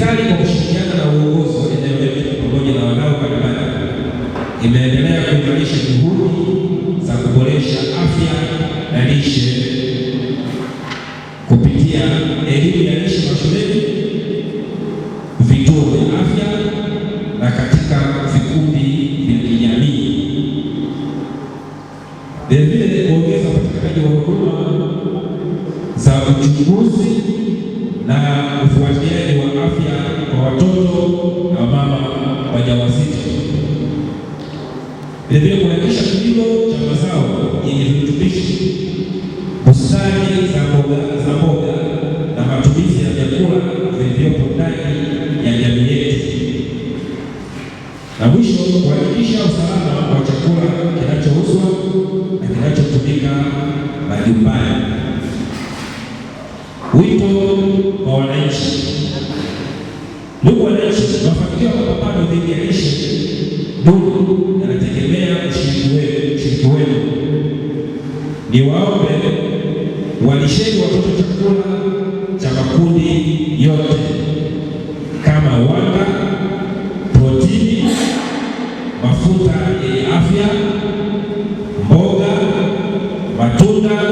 Serikali kwa kushirikiana na uongozi wa eneo letu pamoja na wadau mbalimbali imeendelea kuimarisha juhudi za kuboresha afya na lishe kupitia elimu ya lishe mashuleni, vituo vya afya na katika vikundi vya kijamii, vilevile kuongeza upatikanaji wa huduma za uchunguzi watoto na mama wajawazito, vilevile kuhakikisha kilimo cha mazao yenye virutubishi, bustani za mboga za mboga na matumizi ya vyakula vilivyopo ndani ya jamii yetu, na mwisho kuhakikisha usalama wa chakula kinachouzwa na kinachotumika majumbani. Wito kwa wananchi Ndugu wananchi, mafanikio ya mapambano dhidi ya lishe duni yanategemea ushiriki wenu. Niwaombe walisheni watoto chakula cha makundi yote kama wanga, protini, mafuta yenye afya, mboga, matunda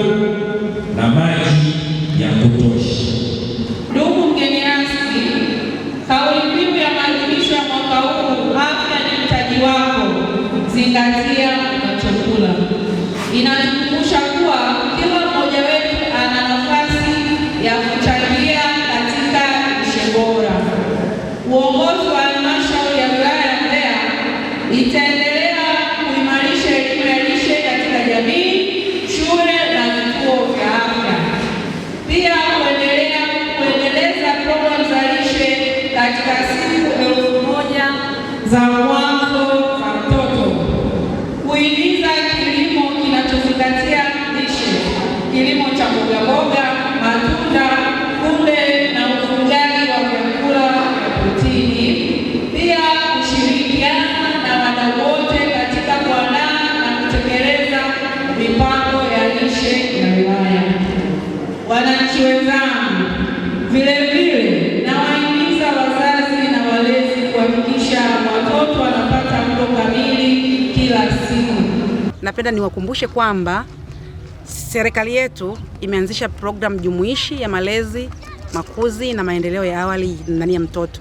katika siku elfu moja za mwanzo za mtoto, kuhimiza kilimo kinachozingatia lishe, kilimo cha mbogamboga, matunda, kunde na ufugaji wa vyakula vya protini, pia kushirikiana na wadau wote katika kuandaa na kutekeleza mipango ya lishe ya wilaya. Wananchi wenzangu napenda niwakumbushe kwamba serikali yetu imeanzisha programu jumuishi ya malezi, makuzi na maendeleo ya awali ndani ya mtoto,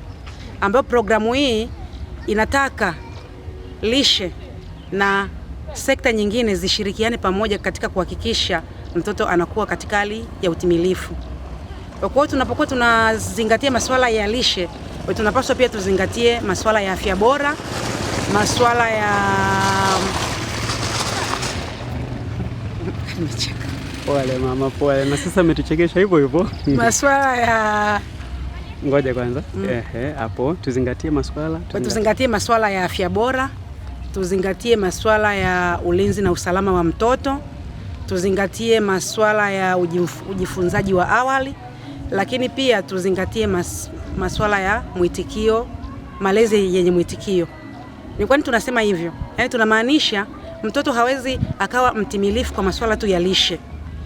ambayo programu hii inataka lishe na sekta nyingine zishirikiane pamoja katika kuhakikisha mtoto anakuwa katika hali ya utimilifu. Kwa hiyo tunapokuwa tunazingatia masuala ya lishe, tunapaswa pia tuzingatie masuala ya afya bora, masuala ya Nimecheka. Pole mama, pole. Na sasa umetuchekesha hivyo hivyo maswala ya ngoja kwanza mm. hapo, tuzingatie maswala tuzingatie, tuzingatie maswala ya afya bora, tuzingatie maswala ya ulinzi na usalama wa mtoto, tuzingatie maswala ya ujifunzaji wa awali, lakini pia tuzingatie mas, maswala ya mwitikio, malezi yenye mwitikio. Ni kwani tunasema hivyo, yaani tunamaanisha Mtoto hawezi akawa mtimilifu kwa masuala tu ya lishe.